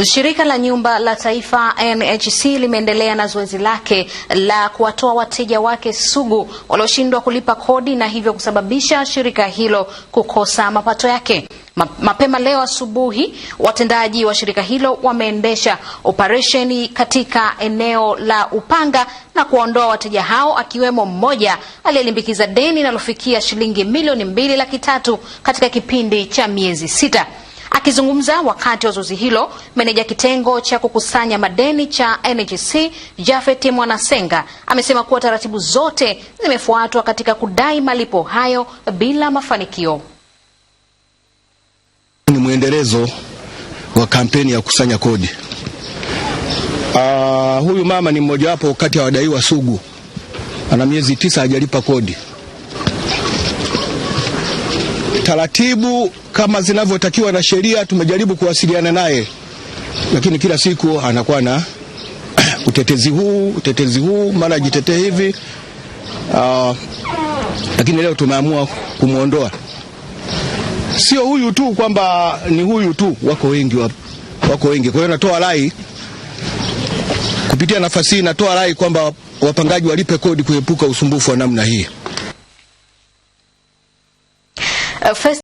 Shirika la nyumba la taifa NHC limeendelea na zoezi lake la kuwatoa wateja wake sugu walioshindwa kulipa kodi na hivyo kusababisha shirika hilo kukosa mapato yake. Mapema leo asubuhi, watendaji wa shirika hilo wameendesha operesheni katika eneo la Upanga na kuwaondoa wateja hao akiwemo mmoja aliyelimbikiza deni linalofikia shilingi milioni mbili laki tatu katika kipindi cha miezi sita. Akizungumza wakati wa zoezi hilo, meneja kitengo cha kukusanya madeni cha NGC Jafet Mwanasenga amesema kuwa taratibu zote zimefuatwa katika kudai malipo hayo bila mafanikio. Ni mwendelezo wa kampeni ya kukusanya kodi. Uh, huyu mama ni mmojawapo kati ya wadaiwa sugu, ana miezi tisa hajalipa kodi taratibu kama zinavyotakiwa na sheria. Tumejaribu kuwasiliana naye, lakini kila siku anakuwa na utetezi huu utetezi huu, mara jitetee hivi uh, lakini leo tumeamua kumwondoa. Sio huyu tu kwamba ni huyu tu, wako wengi, wako wengi. Kwa hiyo natoa rai kupitia nafasi hii, natoa rai kwamba wapangaji walipe kodi kuepuka usumbufu wa namna hii. Uh, first